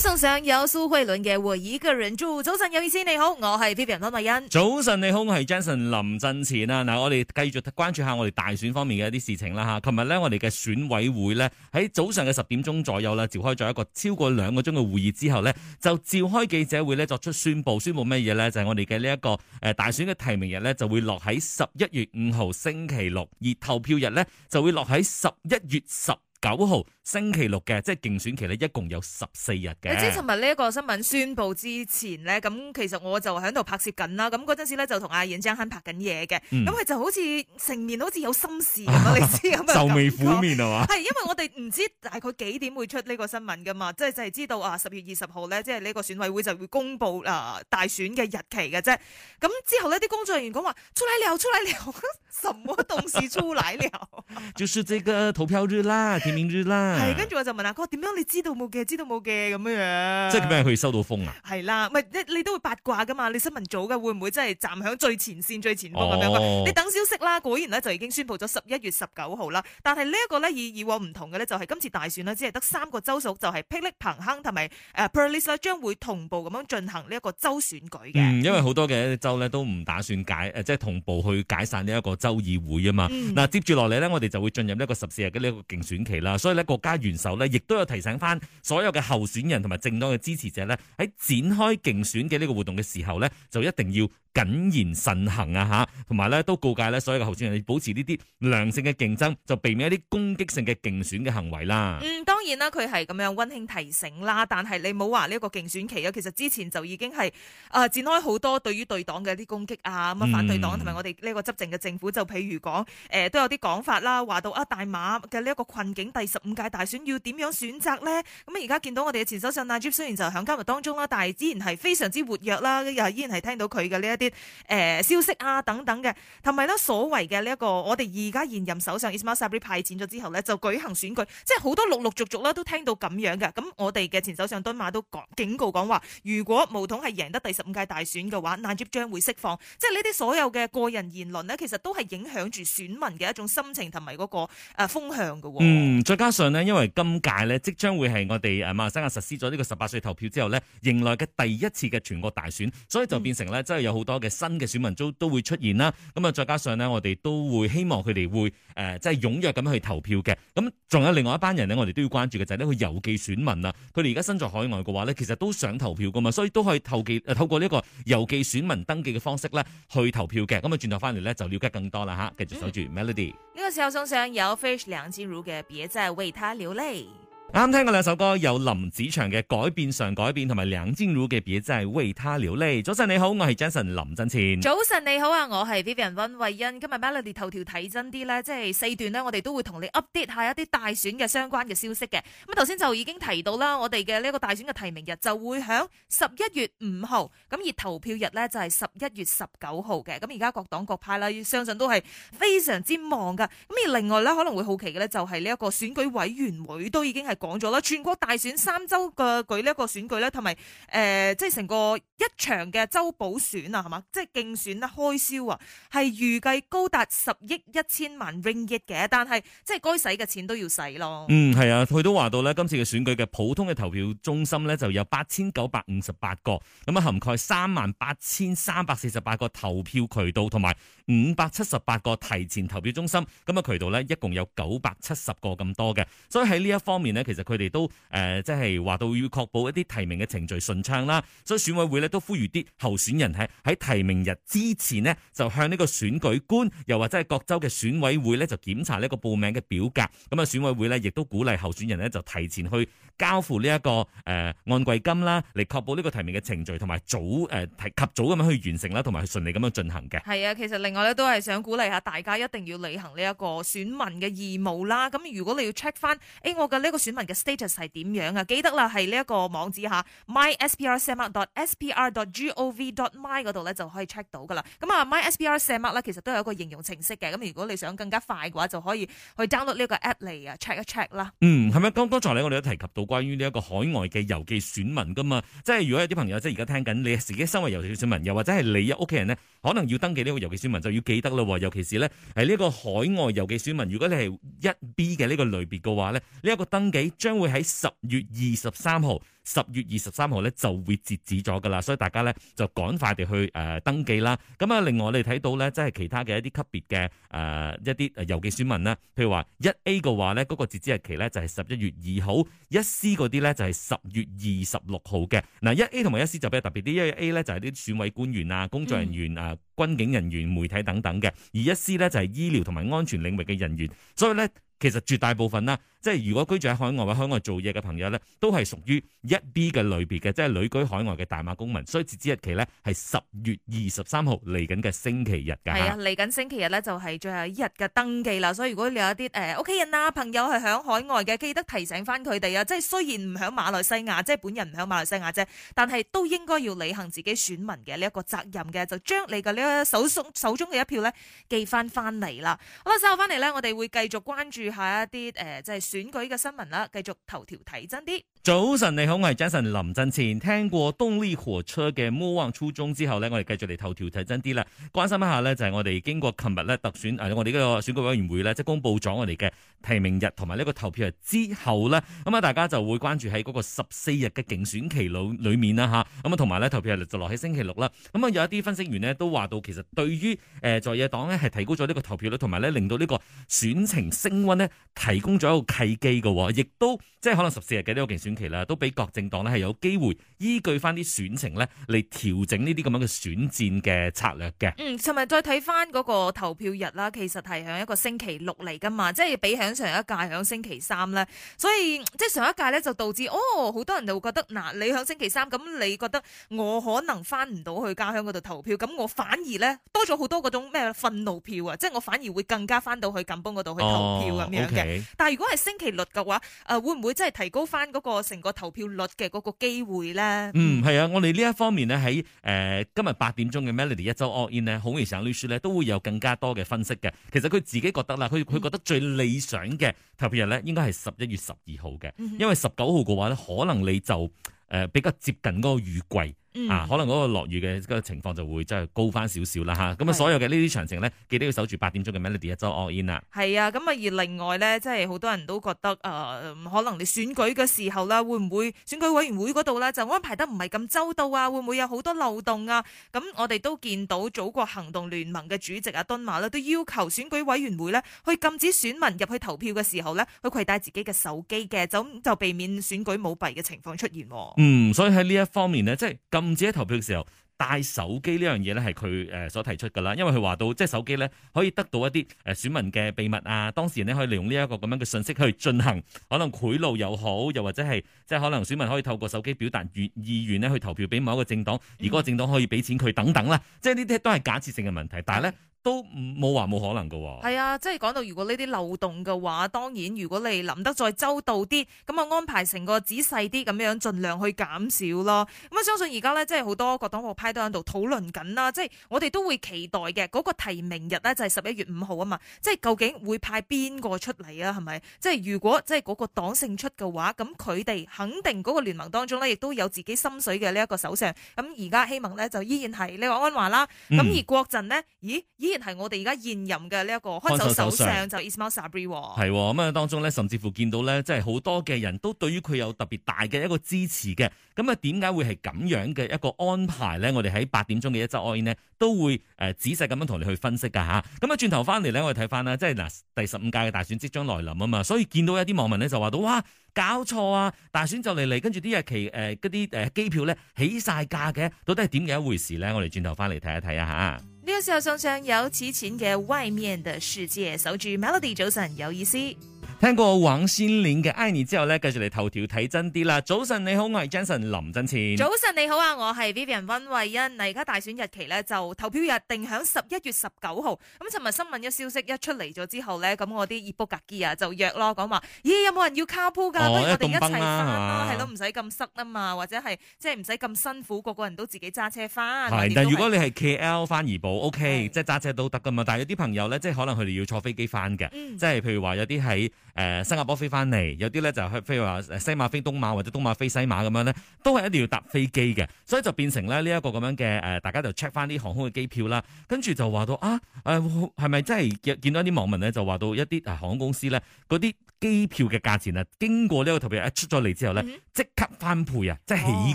送上有蘇慧倫嘅《我一個人住》早上。早晨，有意思你好，我係 Vivian 湯美欣。早晨你好，我係 Jason 林振前啊！嗱，我哋繼續關注下我哋大選方面嘅一啲事情啦吓。琴日咧，我哋嘅選委會咧喺早上嘅十點鐘左右啦，召開咗一個超過兩個鐘嘅會議之後咧，就召開記者會咧作出宣布，宣布咩嘢咧？就係我哋嘅呢一個誒大選嘅提名日咧就會落喺十一月五號星期六，而投票日咧就會落喺十一月十九號。星期六嘅即係競選期咧，一共有十四日嘅。你知？尋日呢一個新聞宣布之前咧，咁其實我在就喺度拍攝緊啦。咁嗰陣時咧就同阿演張亨拍緊嘢嘅。咁佢就好似成面好似有心事咁，啊、你知咁啊？愁眉苦面係嘛？係，因為我哋唔知大概幾點會出呢個新聞噶嘛，即係就係、是、知道啊，十月二十號咧，即係呢個選委會就會公布啊大選嘅日期嘅啫。咁之後呢啲工作人員講話：出來料，出來料，什麼東西出來了？ 就是這個投票日啦，提名日啦。係，跟住是、啊、我就問啊哥點樣？你知道冇嘅，知道冇嘅咁樣樣。即係點樣可以收到風啊？係啦，咪你你都會八卦噶嘛？你新聞組嘅會唔會真係站喺最前線、最前方咁樣？哦、你等消息啦。果然呢就已經宣布咗十一月十九號啦。但係呢一個呢，與以往唔同嘅呢，就係今次大選呢，只係得三個州屬就係、是、霹靂彭亨同埋誒 Perlis 呢，將會同步咁樣進行呢一個州選舉嘅、嗯。因為好多嘅州呢，都唔打算解即係、就是、同步去解散呢一個州議會啊嘛。嗱，嗯、接住落嚟呢，我哋就會進入呢一個十四日嘅呢一個競選期啦。所以呢國家，元首咧，亦都有提醒翻所有嘅候選人同埋政黨嘅支持者咧，喺展開競選嘅呢個活動嘅時候咧，就一定要。謹言慎行啊，吓，同埋咧都告誡咧所有嘅候選人要保持呢啲良性嘅競爭，就避免一啲攻擊性嘅競選嘅行為啦。嗯，當然啦，佢係咁樣溫馨提醒啦。但係你冇話呢個競選期啊，其實之前就已經係誒展開好多對於對黨嘅一啲攻擊啊，咁啊、嗯、反對黨同埋我哋呢個執政嘅政府就譬如講誒、呃、都有啲講法啦，話到啊大馬嘅呢一個困境，第十五屆大選要點樣選擇呢？咁啊而家見到我哋嘅前首相阿 j i 雖然就響今日當中啦，但係依然係非常之活躍啦，又依然係聽到佢嘅呢一。啲消息啊等等嘅，同埋呢，所謂嘅呢一個我哋而家現任首相伊斯馬薩布里派錢咗之後呢，就舉行選舉，即係好多陸陸續續都聽到咁樣嘅。咁我哋嘅前首相敦馬都警告講話，如果巫統係贏得第十五屆大選嘅話，納吉將會釋放。即係呢啲所有嘅個人言論呢，其實都係影響住選民嘅一種心情同埋嗰個誒風向嘅。嗯，再加上呢，因為今屆呢，即將會係我哋誒馬來西亞實施咗呢個十八歲投票之後呢，迎來嘅第一次嘅全國大選，所以就變成呢，真係有好多。多嘅新嘅選民都都會出現啦，咁啊再加上呢，我哋都會希望佢哋會誒即係踴躍咁去投票嘅。咁仲有另外一班人呢，我哋都要關注嘅就係呢個郵寄選民啊，佢哋而家身在海外嘅話呢，其實都想投票噶嘛，所以都可以透過透過呢個郵寄選民登記嘅方式呢去投票嘅。咁啊，轉頭翻嚟呢，就了解更多啦吓，繼續守住 Melody。呢、嗯、Melody 個時候送上有 Fish 梁靜茹嘅別再為他流淚。啱聽過兩首歌，由林子祥嘅《改變上改變》同埋梁靜茹嘅《別再為他流淚》。早晨你好，我係 Jason 林振前。早晨你好啊，我係 Vivian 温慧欣。今日 Melody 頭條睇真啲咧，即係四段呢，我哋都會同你 update 下一啲大選嘅相關嘅消息嘅。咁頭先就已經提到啦，我哋嘅呢個大選嘅提名日就會響十一月五號，咁而投票日呢，就係十一月十九號嘅。咁而家各黨各派啦，相信都係非常之忙噶。咁而另外呢，可能會好奇嘅呢，就係呢一個選舉委員會都已經係。講咗啦，全國大選三週嘅舉呢一個選舉咧，同埋誒，即係成個一場嘅州補選啊，係嘛？即係競選啦，開銷啊，係預計高達十億一千萬 ringgit 嘅。但係即係該使嘅錢都要使咯。嗯，係啊，佢都話到咧，今次嘅選舉嘅普通嘅投票中心咧，就有八千九百五十八個，咁啊涵蓋三萬八千三百四十八個投票渠道，同埋五百七十八個提前投票中心，咁啊渠道咧，一共有九百七十個咁多嘅。所以喺呢一方面呢。其實佢哋都誒、呃，即係話到要確保一啲提名嘅程序順暢啦，所以選委會呢都呼籲啲候選人喺喺提名日之前呢，就向呢個選舉官，又或者係各州嘅選委會呢，就檢查呢個報名嘅表格。咁、嗯、啊，選委會呢，亦都鼓勵候選人呢，就提前去交付呢、這、一個誒、呃、按櫃金啦，嚟確保呢個提名嘅程序同埋早誒及早咁樣、呃、去完成啦，同埋去順利咁樣進行嘅。係啊，其實另外呢，都係想鼓勵下大家一定要履行呢一個選民嘅義務啦。咁如果你要 check 翻，誒、哎、我嘅呢個選民。嘅 status 係點樣啊？記得啦，係呢一個網址吓 mysprsemar.dot.spr.dot.gov.dot.my 嗰度咧就可以 check 到噶啦。咁啊，mysprsemar 咧其實都有一個應用程式嘅。咁如果你想更加快嘅話，就可以去 download 呢個 app 嚟啊，check 一 check 啦。嗯，係咪？咁剛才咧我哋都提及到關於呢一個海外嘅郵寄選民噶嘛。即係如果有啲朋友即係而家聽緊，你自己身為郵寄選民，又或者係你啊屋企人咧，可能要登記呢個郵寄選民，就要記得咯。尤其是咧係呢一個海外郵寄選民，如果你係一 B 嘅呢個類別嘅話咧，呢一個登記。將會喺十月二十三號，十月二十三號咧就會截止咗噶啦，所以大家咧就趕快地去誒、呃、登記啦。咁啊，另外我哋睇到咧，即係其他嘅一啲級別嘅誒一啲郵寄選民啦，譬如說的話一 A 嘅話咧，嗰、那個截止日期咧就係十一月二號，一 C 嗰啲咧就係、是、十月二十六號嘅。嗱、啊，一 A 同埋一 C 就比較特別啲，因為 A 咧就係、是、啲選委官員啊、工作人員、嗯、啊、軍警人員、媒體等等嘅，而一 C 咧就係、是、醫療同埋安全領域嘅人員，所以咧。其實絕大部分啦，即係如果居住喺海外或海外做嘢嘅朋友咧，都係屬於一 B 嘅類別嘅，即係旅居海外嘅大馬公民。所以截止日期咧係十月二十三號嚟緊嘅星期日噶。係啊，嚟緊星期日咧就係最後一日嘅登記啦。所以如果你有一啲誒屋企人啊、朋友係響海外嘅，記得提醒翻佢哋啊。即係雖然唔響馬來西亞，即係本人唔響馬來西亞啫，但係都應該要履行自己選民嘅呢一個責任嘅，就將你嘅呢手縮手中嘅一票咧寄翻翻嚟啦。好啦，稍後翻嚟咧，我哋會繼續關注。下一啲誒，即係選舉嘅新聞啦，繼續頭條睇真啲。早晨，你好，我係 Jason。臨陣前聽過動力火車嘅魔王初衷之後呢，我哋繼續嚟頭條睇真啲啦。關心一下呢，就係我哋經過琴日呢特選我哋呢個選舉委員會呢，即公布咗我哋嘅提名日同埋呢個投票日之後呢，咁啊大家就會關注喺嗰個十四日嘅競選期裏面啦吓。咁啊同埋呢投票日就落喺星期六啦。咁啊有一啲分析員呢都話到，其實對於誒在野黨呢，係提高咗呢個投票率，同埋呢令到呢個選情升溫呢，提供咗一個契機噶，亦都即係可能十四日嘅呢個競選期。其實都俾各政黨咧係有機會依據翻啲選情咧嚟調整呢啲咁樣嘅選戰嘅策略嘅。嗯，尋日再睇翻嗰個投票日啦，其實係響一個星期六嚟噶嘛，即係比響上一屆響星期三咧，所以即係上一屆咧就導致哦，好多人就會覺得嗱、呃，你響星期三，咁，你覺得我可能翻唔到去家鄉嗰度投票，咁我反而咧多咗好多嗰種咩憤怒票啊，即係我反而會更加翻到去錦標嗰度去投票咁樣嘅。哦 okay、但係如果係星期六嘅話，誒、呃、會唔會即係提高翻、那、嗰個？成個投票率嘅嗰個機會咧，嗯，係、嗯、啊，我哋呢一方面咧喺誒今日八點鐘嘅 Melody 一周 all in 咧，孔如成律師咧都會有更加多嘅分析嘅。其實佢自己覺得啦，佢佢覺得最理想嘅投票日咧，應該係十一月十二號嘅，因為十九號嘅話咧，可能你就誒、呃、比較接近嗰個雨季。嗯、啊，可能嗰個落雨嘅個情況就會即係高翻少少啦吓，咁啊的所有嘅呢啲詳情呢記得要守住八點鐘嘅 melody 一周 all in 啦。係啊，咁啊而另外呢，即係好多人都覺得誒、呃，可能你選舉嘅時候啦，會唔會選舉委員會嗰度呢，就安排得唔係咁周到啊？會唔會有好多漏洞啊？咁我哋都見到祖國行動聯盟嘅主席阿、啊、敦馬呢，都要求選舉委員會呢，去禁止選民入去投票嘅時候呢，去攜帶自己嘅手機嘅，就避免選舉舞弊嘅情況出現。嗯，所以喺呢一方面呢，即係。唔止喺投票嘅時候帶手機呢樣嘢咧，係佢誒所提出㗎啦。因為佢話到，即手機咧可以得到一啲誒選民嘅秘密啊，當事人咧可以利用呢一個咁樣嘅信息去進行可能賄賂又好，又或者係即係可能選民可以透過手機表達意願咧去投票俾某一個政黨，而嗰個政黨可以俾錢佢等等啦。即係呢啲都係假設性嘅問題，但係咧。都冇話冇可能噶喎，係啊，即係講到如果呢啲漏洞嘅話，當然如果你諗得再周到啲，咁啊安排成個仔細啲咁樣，盡量去減少咯。咁、嗯、啊，相信而家咧，即係好多個黨派都喺度討論緊啦。即係我哋都會期待嘅嗰、那個提名日咧，就係十一月五號啊嘛。即係究竟會派邊個出嚟啊？係咪？即係如果即係嗰個黨勝出嘅話，咁佢哋肯定嗰個聯盟當中咧，亦都有自己心水嘅呢一個首相。咁而家希望咧，就依然係你話安華啦。咁而郭振呢。咦？依然係我哋而家現任嘅呢一個開首相就 Ismael Sabri 係咁啊，當中咧，甚至乎見到咧，即係好多嘅人都對於佢有特別大嘅一個支持嘅。咁啊，點解會係咁樣嘅一個安排咧？我哋喺八點鐘嘅一執 I 呢，都會誒、呃、仔細咁樣同你去分析噶吓。咁啊，轉頭翻嚟咧，我哋睇翻啦，即係嗱，第十五屆嘅大選即將來臨啊嘛，所以見到一啲網民咧就話到哇，搞錯啊！大選就嚟嚟，跟住啲日期誒，嗰啲誒機票咧起晒價嘅，到底係點嘅一回事咧？我哋轉頭翻嚟睇一睇啊吓。呢個時候送上有此錢嘅外面的世界，守住 melody 早晨有意思。 聽過王心凌嘅《I Need》之後咧，繼續嚟頭條睇真啲啦。早晨你好，我係 Jensen 林真前。早晨你好啊，我係 Vivian 溫慧欣。嗱而家大選日期咧就投票日定響十一月十九號。咁尋日新聞一消息一出嚟咗之後咧，咁、嗯、我啲熱、e、book 機啊就約咯，講話咦有冇人要 carpool 噶？不如我哋一齊翻，係咯，唔使咁塞啊嘛，或者係即係唔使咁辛苦，個個人都自己揸車翻。的但如果你係 KL 翻怡保，OK，、嗯、即係揸車都得噶嘛。但係有啲朋友咧，即係可能佢哋要坐飛機翻嘅，嗯、即係譬如話有啲喺。誒、呃、新加坡飛翻嚟，有啲咧就係譬如話西馬飛東馬或者東馬飛西馬咁樣咧，都係一定要搭飛機嘅，所以就變成咧呢一個咁樣嘅誒、呃，大家就 check 翻啲航空嘅機票啦，跟住就話到啊，誒係咪真係見到啲網民咧就話到一啲航空公司咧嗰啲機票嘅價錢啊，經過呢個投票一出咗嚟之後咧，即刻翻倍啊，嗯、即係起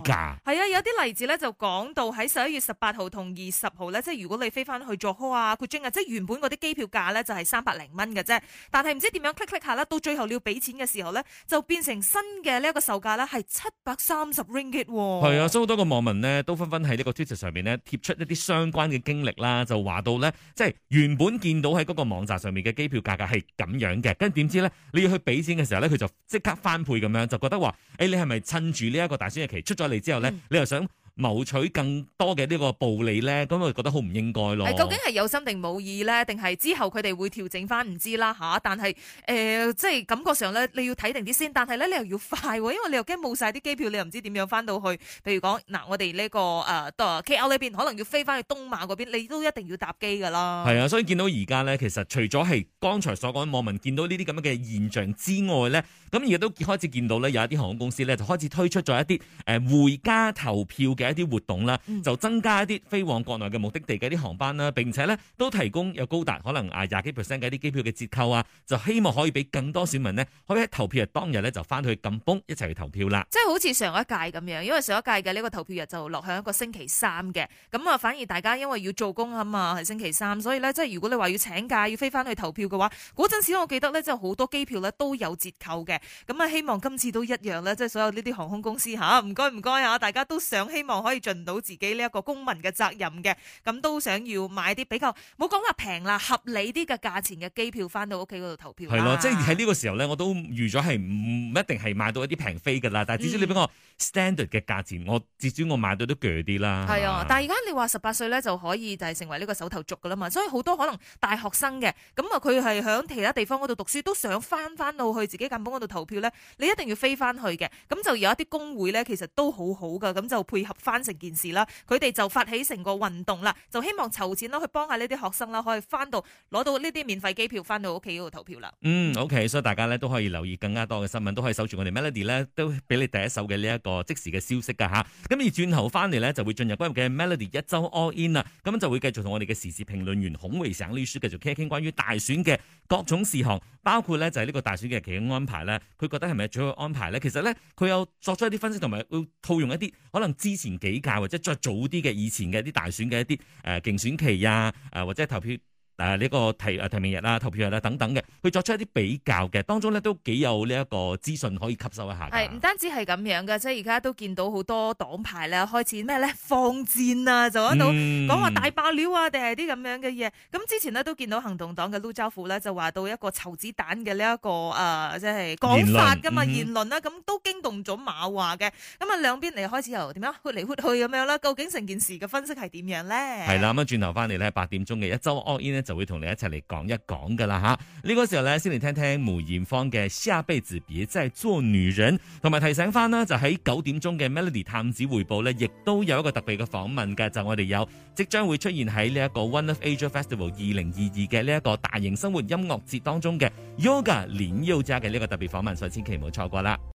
價。係、哦、啊，有啲例子咧就講到喺十一月十八號同二十號咧，即係如果你飛翻去做，開啊、古即係原本嗰啲機票價咧就係三百零蚊嘅啫，但係唔知點樣 click click 下咧到最後你要俾錢嘅時候咧，就變成新嘅呢一個售價咧係七百三十 ringgit。係啊，所以好多個網民咧都紛紛喺呢個 Twitter 上邊咧貼出一啲相關嘅經歷啦，就話到咧即係原本見到喺嗰個網站上面嘅機票價格係咁樣嘅，跟住點知咧你要去俾錢嘅時候咧，佢就即刻翻倍咁樣，就覺得話誒、欸，你係咪趁住呢一個大選日期出咗嚟之後咧，嗯、你又想？謀取更多嘅呢個暴利咧，咁我就覺得好唔應該咯。係究竟係有心定冇意咧？定係之後佢哋會調整翻唔知啦嚇。但係誒、呃，即係感覺上咧，你要睇定啲先看看。但係咧，你又要快、啊，因為你又驚冇晒啲機票，你又唔知點樣翻到去。譬如講，嗱、呃，我哋呢、呢個誒，都、呃、KL 呢邊可能要飛翻去東馬嗰邊，你都一定要搭機㗎啦。係啊，所以見到而家咧，其實除咗係剛才所講網民見到呢啲咁嘅現象之外咧。咁而家都開始見到咧，有一啲航空公司咧就開始推出咗一啲誒回家投票嘅一啲活動啦，就增加一啲飛往國內嘅目的地嘅一啲航班啦，並且咧都提供有高達可能啊廿幾 percent 嘅一啲機票嘅折扣啊，就希望可以俾更多市民呢，可以喺投票日當日咧就翻去咁崩一齊去投票啦。即係好似上一屆咁樣，因為上一屆嘅呢個投票日就落響一個星期三嘅，咁啊，反而大家因為要做工啊嘛，係星期三，所以咧即係如果你話要請假要飛翻去投票嘅話，嗰陣時我記得咧真係好多機票咧都有折扣嘅。咁啊，希望今次都一樣啦。即係所有呢啲航空公司嚇，唔該唔該啊。大家都想希望可以盡到自己呢一個公民嘅責任嘅，咁都想要買啲比較冇講話平啦，合理啲嘅價錢嘅機票翻到屋企嗰度投票。係咯的，啊、即係喺呢個時候咧，我都預咗係唔一定係買到一啲平飛噶啦，但係至少你俾我 standard 嘅價錢，嗯、我至少我買到都鋸啲啦。係啊，但係而家你話十八歲咧就可以就係成為呢個首投族噶啦嘛，所以好多可能大學生嘅咁啊，佢係喺其他地方嗰度讀書，都想翻翻到去自己近本度。投票咧，你一定要飛翻去嘅，咁就有一啲工會咧，其實都好好噶，咁就配合翻成件事啦。佢哋就發起成個運動啦，就希望籌錢啦，去幫下呢啲學生啦，可以翻到攞到呢啲免費機票，翻到屋企嗰度投票啦。嗯，OK，所以大家咧都可以留意更加多嘅新聞，都可以守住我哋 Melody 咧，都俾你第一手嘅呢一個即時嘅消息噶吓。咁、啊、而轉頭翻嚟咧，就會進入今日嘅 Melody 一周 All In 啦。咁就會繼續同我哋嘅時事評論員孔維醒呢書繼續傾一傾關於大選嘅各種事項，包括咧就係、是、呢個大選嘅日期嘅安排啦。佢覺得係咪最好安排咧？其實咧，佢有作出一啲分析，同埋會套用一啲可能之前幾屆或者再早啲嘅以前嘅一啲大選嘅一啲誒、呃、競選期啊，誒、呃、或者投票。誒，呢、啊，這個提誒提名日啦，投票日啦等等嘅，佢作出一啲比較嘅，當中咧都幾有呢一個資訊可以吸收一下。係唔單止係咁樣嘅，即係而家都見到好多黨派咧開始咩咧放戰啊，就喺度講話大爆料啊，定係啲咁樣嘅嘢。咁、嗯、之前呢都見到行動黨嘅陸兆福咧就話到一個投子彈嘅呢一個誒、呃，即係講法噶嘛言論啦，咁、嗯、都驚動咗馬華嘅。咁啊兩邊嚟開始又點樣，豁嚟豁去咁樣啦？究竟成件事嘅分析係點樣咧？係啦，咁樣轉頭翻嚟咧，八點鐘嘅一周就會同你一齊嚟講一講噶啦吓，呢個時候咧先嚟聽聽梅艷芳嘅下輩子別再做女人，同埋提醒翻啦，就喺九點鐘嘅 Melody 探子回報咧，亦都有一個特別嘅訪問嘅，就我哋有即將會出現喺呢一個 One Love Asia Festival 二零二二嘅呢一個大型生活音樂節當中嘅 Yoga 林宥嘉嘅呢個特別訪問，所以千祈唔好錯過啦。